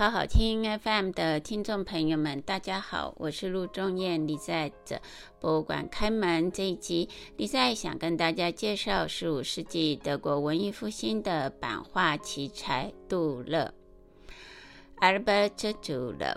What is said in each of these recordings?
好好聽 FM 的聽眾朋友們，大家好，我是陸中燕。Lisa 的《博物館開門》這一集，Lisa 想跟大家介紹十五世紀德國文藝復興的版畫奇才杜勒阿爾伯特·杜勒。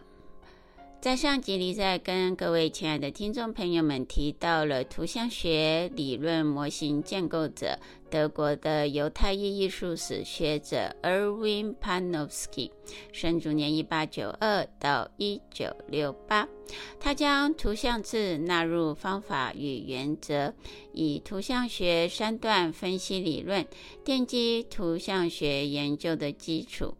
在上集裡，在跟各位親愛的聽眾朋友們提到了圖像學理論模型建構者——德國的猶太裔藝，藝術史學者 Erwin Panofsky 生卒年，一八九二到一九六八。他將圖像誌納入方法與原則，以圖像學三段分析理論奠基圖像學研究的基礎。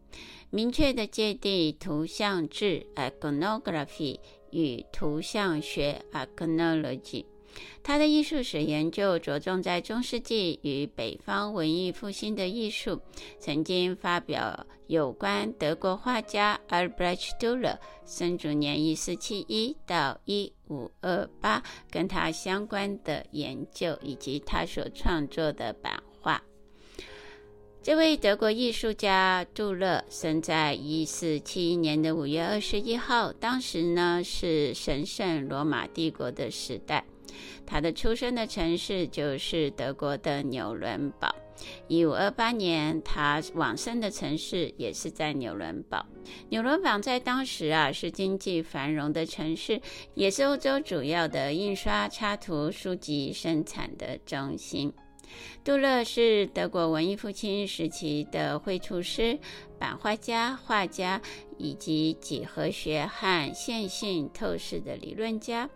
明確的界定圖像誌 （Iconography） 與圖像學 （Iconology）。他的藝術史研究着重在中世紀與北方文藝復興的藝術。曾經發表有關德國畫家 Albrecht Dürer，生卒年 （1471-1528） 跟他相關的研究，以及他所創作的版畫。這位德國藝術家杜勒生在一四七一年的五月二十一號，當時呢是神聖羅馬帝國的時代。他的出生的城市就是德國的紐倫堡。一五二八年，他往生的城市也是在紐倫堡。紐倫堡在當時啊是經濟繁榮的城市，也是歐洲主要的印刷插圖書籍生產的中心。杜勒是德國文藝復興時期的繪圖師、版畫家、畫家以及幾何學和線性透視的理論家。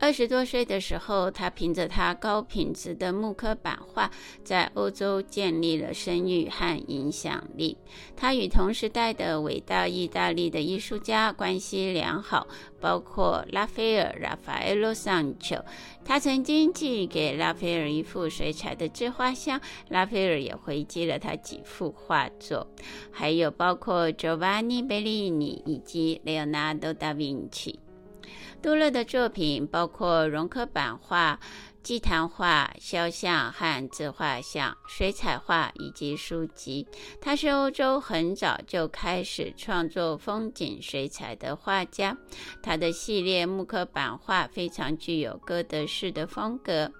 二十多歲的時候，他憑着他高品質的木刻版畫，在歐洲建立了聲譽和影響力。他與同時代的偉大意大利的藝術家關係良好，包括拉斐爾 r a f f a e l Sancho）。他曾經寄給拉斐爾一幅水彩的自畫像，拉斐爾也回寄了他幾幅畫作，還有包括 Giovanni Bellini 以及 Leonardo da Vinci。杜勒的作品包括蝕刻版畫、祭壇畫、肖像和自畫像、水彩畫以及書籍。他是歐洲很早就開始創作風景水彩的畫家。他的系列木刻版畫非常具有哥德式的風格。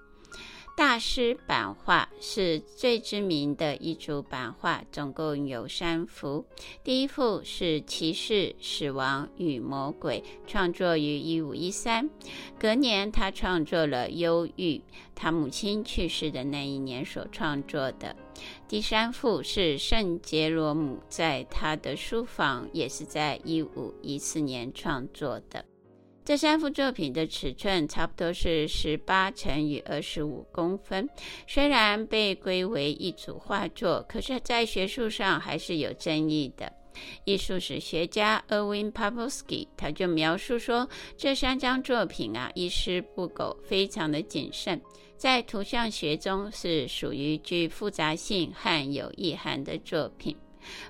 大師版畫是最知名的一組版畫，總共有三幅。第一幅是騎士、死亡與魔鬼，創作於一五一三。隔年，他創作了《憂鬱》，他母親去世的那一年所創作的。第三幅是聖傑羅姆，在他的書房，也是在一五一四年創作的。這三幅作品的尺寸差不多是十八乘以二十五公分。雖然被歸為一組畫作，可是在學術上還是有爭議的。藝術史學家 Erwin Panofsky 他就描述說，這三張作品啊，一絲不苟，非常的謹慎，在圖像學中是屬於具複雜性和有意涵的作品。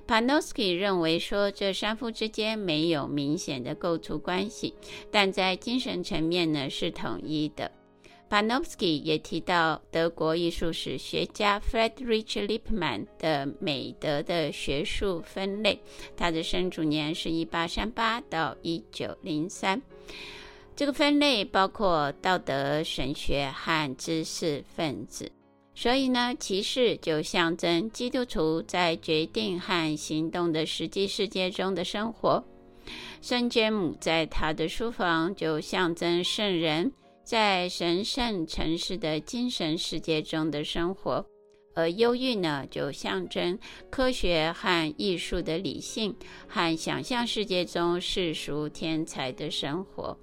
Panofsky 認為說，這三幅之間沒有明顯的構圖關係，但在精神層面呢是統一的。Panofsky 也提到德國藝術史學家 Friedrich Lippmann 的美德的學術分類，他的生卒年是一八三八到一九零三。這個分類包括道德、神學、和知識分子。所以呢，騎士就象徵基督徒在決定和行動的實際世界中的生活；聖傑羅姆在他的書房就象徵聖人在神聖沉思的精神世界中的生活；而憂鬱呢，就象徵科學和藝術的理性和想象世界中世俗天才的生活。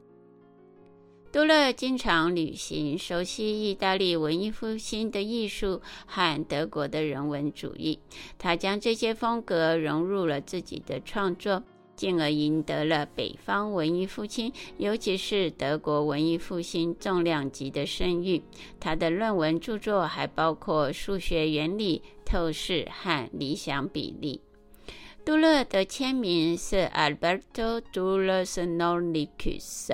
杜勒經常旅行，熟悉意大利文藝復興的藝術和德國的人文主義。他將這些風格融入了自己的創作，進而贏得了北方文藝復興，尤其是德國文藝復興重量級的聲譽。他的論文著作還包括《數學原理》、《透視》和《理想比例》。杜勒的簽名是 Albertus Dürer Noricus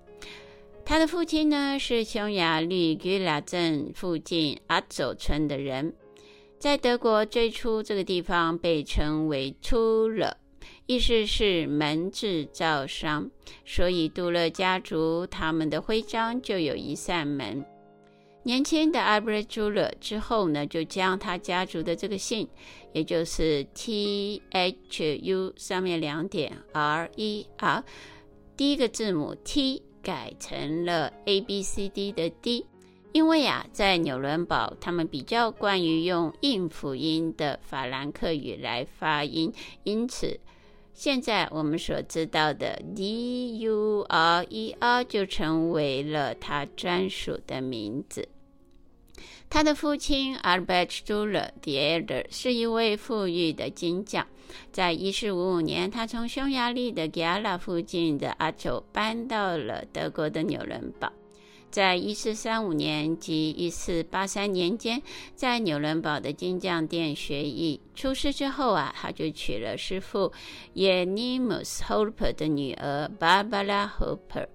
他的父親呢，是匈牙利格拉鎮附近阿佐村的人，在德國最初這個地方被稱為杜勒，意思是門製造商，所以杜勒家族他們的徽章就有一扇門。年輕的阿布雷杜勒之後呢，就將他家族的這個姓，也就是 T H U 上面兩點 R E R，第一個字母 T。改成了 A B C D 的 D，因為呀、啊，在紐倫堡，他們比較慣於用硬輔音的法蘭克語來發音，因此，現在我們所知道的 D U R E R 就成為了他專屬的名字。他的父親 Albrecht Dürer the Elder 是一位富裕的金匠。在1455年，他從匈牙利的吉亞拉附近的阿丘搬到了德國的紐倫堡。在1435年及1483年間，在紐倫堡的金匠店學藝。出師之後啊，他就娶了師傅耶尼姆斯·霍珀的女兒芭芭拉·霍珀。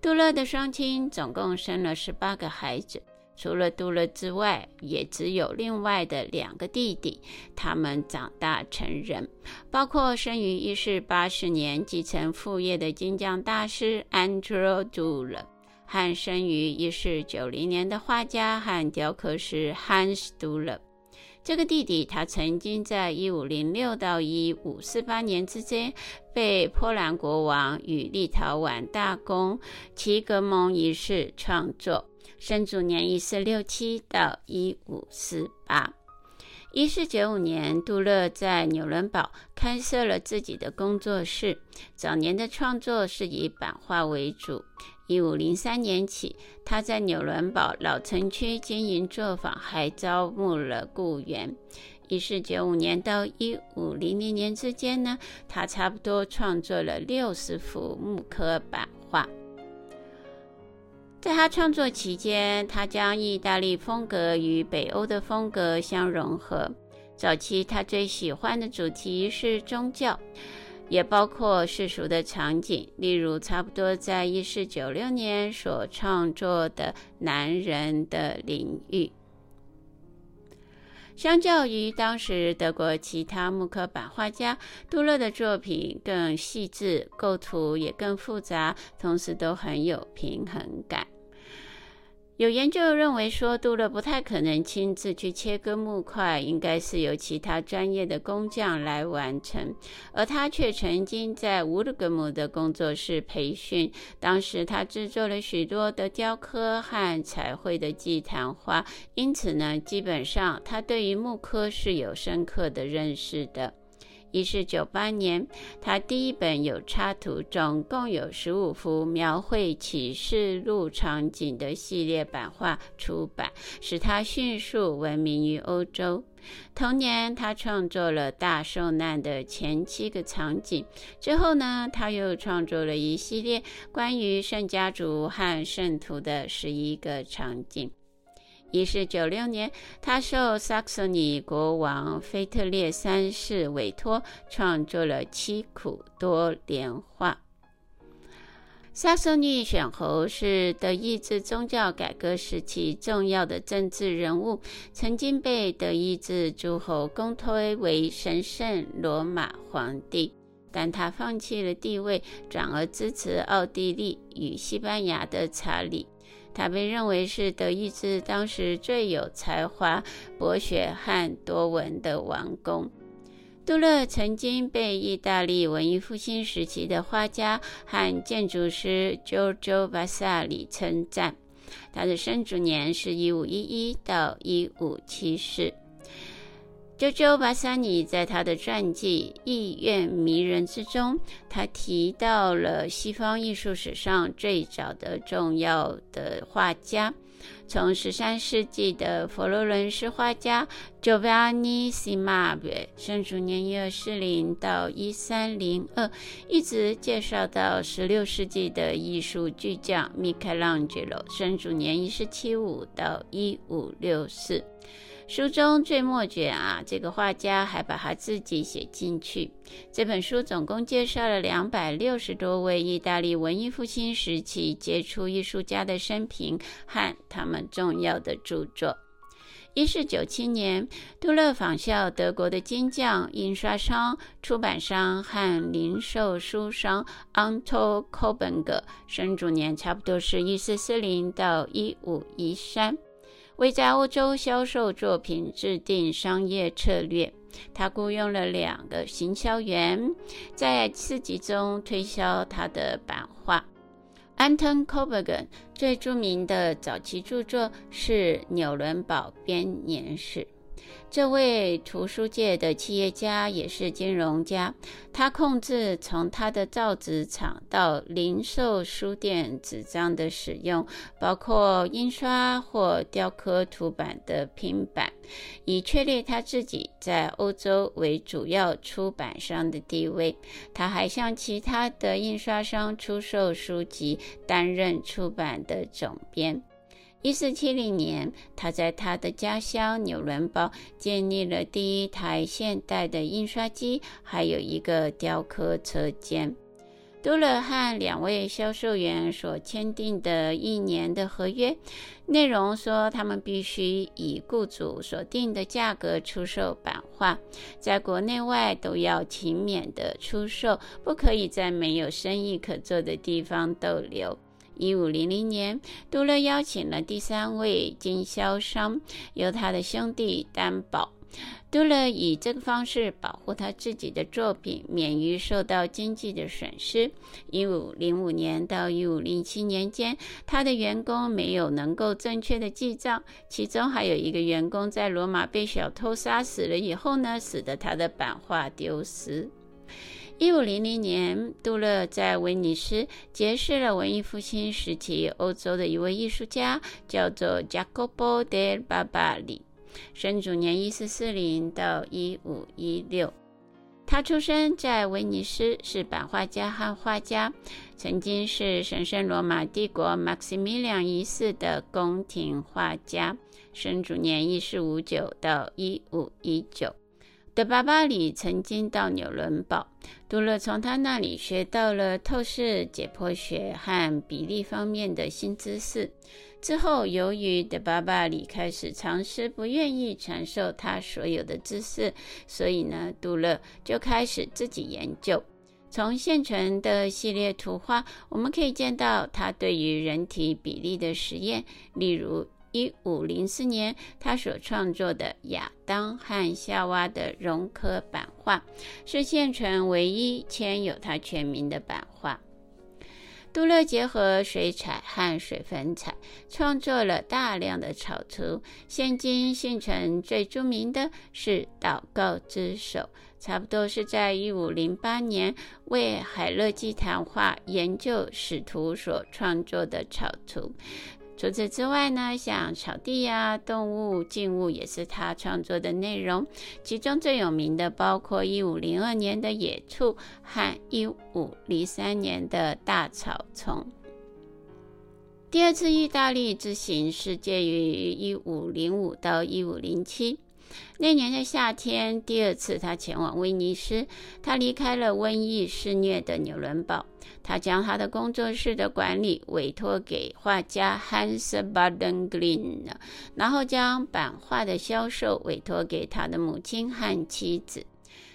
杜勒的雙親總共生了十八個孩子。除了杜勒之外，也只有另外的兩個弟弟，他們長大成人，包括生於一四八四年繼承父業的金匠大師 Endres Dürer 和生於一四九零年的畫家和雕刻師 Hans Dürer。這個弟弟，他曾經在一五零六到一五四八年之間，被波蘭國王與立陶宛大公齊格蒙一世創作。生卒年一四六七到一五四八。一四九五年，杜勒在紐倫堡開設了自己的工作室。早年的創作是以版畫為主。一五零三年起，他在紐倫堡老城區經營作坊，還招募了僱員。一四九五年到一五零零年之間呢，他差不多創作了六十幅木刻版畫。在他創作期間，他將意大利風格與北歐的風格相融合。早期，他最喜歡的主題是宗教，也包括世俗的場景，例如差不多在一四九六年所創作的《男人的領域》。相較於當時德國其他木刻版畫家，杜勒的作品更細緻，構圖也更複雜，同時都很有平衡感。有研究認為說，杜勒不太可能親自去切割木塊，應該是由其他專業的工匠來完成。而他卻曾經在烏爾根木的工作室培訓，當時他制作了許多的雕刻和彩繪的祭壇畫，因此呢，基本上他對於木刻是有深刻的認識的。一四九八年，他第一本有插圖，總共有十五幅描繪啟示錄場景的系列版畫出版，使他迅速聞名於歐洲。同年，他創作了大受難的前七個場景。之後呢，他又創作了一系列關於聖家族和聖徒的十一個場景。一四九六年，他受薩克森尼國王腓特烈三世委託，創作了《七苦多聯畫》。薩克森尼選侯是德意志宗教改革時期重要的政治人物，曾經被德意志諸侯公推為神聖羅馬皇帝，但他放棄了地位，轉而支持奧地利與西班牙的查理。他被認為是德意志當時最有才華、博學和多聞的王公。杜勒曾經被意大利文藝復興時期的畫家和建築師 JoJo 巴薩里稱讚。他的生卒年是一五一一到一五七四。Giorgio Vasari 在他的傳記《藝苑迷人》之中，他提到了西方藝術史上最早的重要的畫家，從十三世紀的佛羅倫斯畫家 Giovanni Cimabue（ 生卒年一二四零到一三零二）一直介紹到十六世紀的藝術巨匠米開朗基羅（生卒年一四七五到一五六四）。書中最末卷啊，這個畫家還把他自己寫進去。這本書總共介紹了兩百六十多位意大利文藝復興時期傑出藝術家的生平和他們重要的著作。一四九七年，杜勒仿效德國的金匠、印刷商、出版商和零售書商 Anton Koberger，生卒年差不多是一四四零到一五一三。為在歐洲銷售作品制定商業策略，他僱傭了兩個行銷員，在市集中推銷他的版畫。Anton Koberger 最著名的早期著作是《紐倫堡編年史》。這位圖書界的企業家也是金融家，他控制從他的造紙廠到零售書店紙張的使用，包括印刷或雕刻圖版的拼版，以確立他自己在歐洲為主要出版商的地位。他還向其他的印刷商出售書籍，擔任出版的總編。一四七零年，他在他的家鄉紐倫堡建立了第一台現代的印刷機，還有一個雕刻車間。杜勒和兩位銷售員所簽訂的一年的合約，內容說他們必須以雇主所定的價格出售版畫，在國內外都要勤勉地出售，不可以在沒有生意可做的地方逗留。一五零零年，杜勒邀請了第三位經銷商，由他的兄弟擔保。杜勒以這個方式保護他自己的作品免於受到經濟的損失。一五零五年到一五零七年間，他的員工沒有能夠正確的記賬，其中還有一個員工在羅馬被小偷殺死了以後呢，使得他的版畫丟失。一五零零年，杜勒在威尼斯結識了文藝復興時期歐洲的一位藝術家，叫做 Jacopo de' Barbari，生卒年一四四零到一五一六。他出生在威尼斯，是版畫家和畫家，曾經是神聖羅馬帝國 Maximilian 一世的宮廷畫家，生卒年一四五九到一五一九。德巴巴里曾經到紐倫堡，杜勒從他那裡學到了透視、解剖學和比例方面的新知識。之後，由於德巴巴里開始嘗試不願意傳授他所有的知識，所以呢，杜勒就開始自己研究。從現存的系列圖畫，我們可以見到他對於人體比例的實驗，例如。一五零四年，他所創作的《亞當和夏娃》的融刻版畫是現存唯一簽有他全名的版畫。杜勒結合水彩和水粉彩創作了大量的草圖，現今現存最著名的是《禱告之手》，差不多是在一五零八年為海勒祭壇畫研究使徒所創作的草圖。除此之外呢，像草地呀、啊、動物、靜物也是他創作的內容。其中最有名的包括1502年的野兔和1503年的大草叢。第二次意大利之行是介於1505到1507。那年的夏天，第二次他前往威尼斯。他離開了瘟疫肆虐的紐倫堡。他將他的工作室的管理委托給畫家 Hans Baldung Grien，然後將版畫的銷售委托給他的母親和妻子。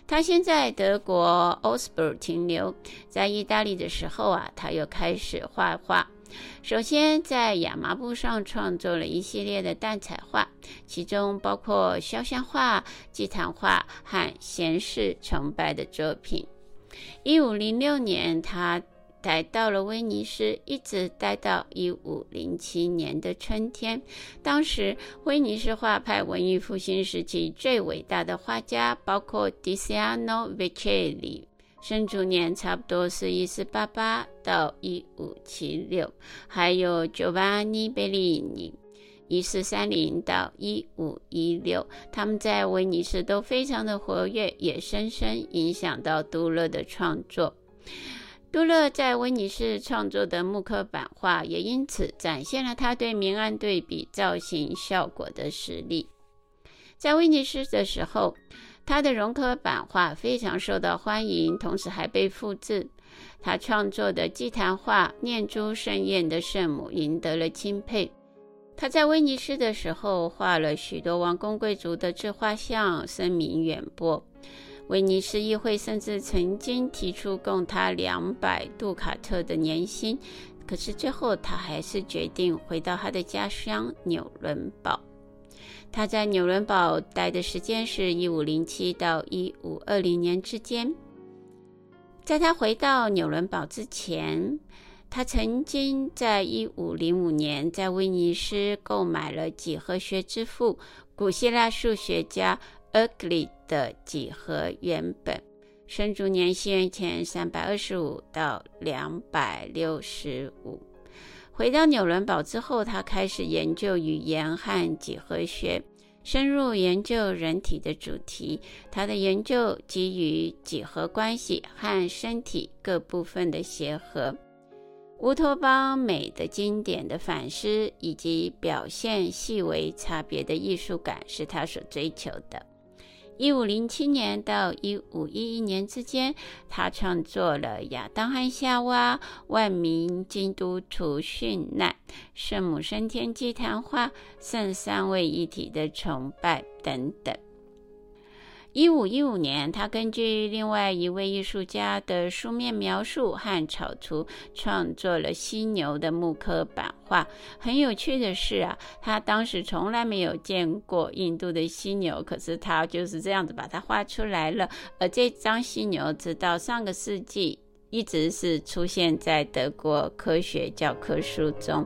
他先在德國 Osburg 停留，在意大利的時候啊，他又開始畫畫。首先，在亞麻布上創作了一系列的蛋彩畫，其中包括肖像畫、祭壇畫和賢士崇拜的作品。1506年，他來到了威尼斯，一直待到1507年的春天。當時，威尼斯畫派，文藝復興時期最偉大的畫家包括 Tiziano Vecellio 生卒年差不多是一四八八到一五七六，還有喬瓦尼·貝利尼，一四三零到一五一六，他們在威尼斯都非常的活躍，也深深影響到杜勒的創作。杜勒在威尼斯創作的木刻版畫，也因此展現了他對明暗對比造型效果的實力。在威尼斯的時候，他的融科版畫非常受到歡迎，同時還被複製。他創作的祭壇畫《念珠盛宴的聖母》贏得了欽佩。他在威尼斯的時候畫了許多王公貴族的自畫像，聲名遠播。威尼斯議會甚至曾經提出供他兩百杜卡特的年薪，可是最後他還是決定回到他的家鄉紐倫堡。他在紐倫堡待的時間是1507到1520年之間。在他回到紐倫堡之前，他曾經在1505年在威尼斯購買了幾何學之父古希臘數學家歐幾里得的幾何原本，生卒年西元前325到265。回到紐倫堡之後，他開始研究語言和幾何學，深入研究人體的主題。他的研究基於幾何關係和身體各部分的協和，烏托邦美的經典的反思以及表現細微差別的藝術感，是他所追求的。一五零七年到一五一一年之間，他創作了《亞當和夏娃》《萬民基督徒殉難》《聖母升天祭壇畫》《聖三位一體的崇拜》等等。一五一五年，他根據另外一位藝術家的書面描述和草圖，創作了犀牛的木刻版畫。很有趣的是啊，他當時從來沒有見過印度的犀牛，可是他就是這樣子把它畫出來了。而這張犀牛，直到上個世紀，一直是出現在德國科學教科書中。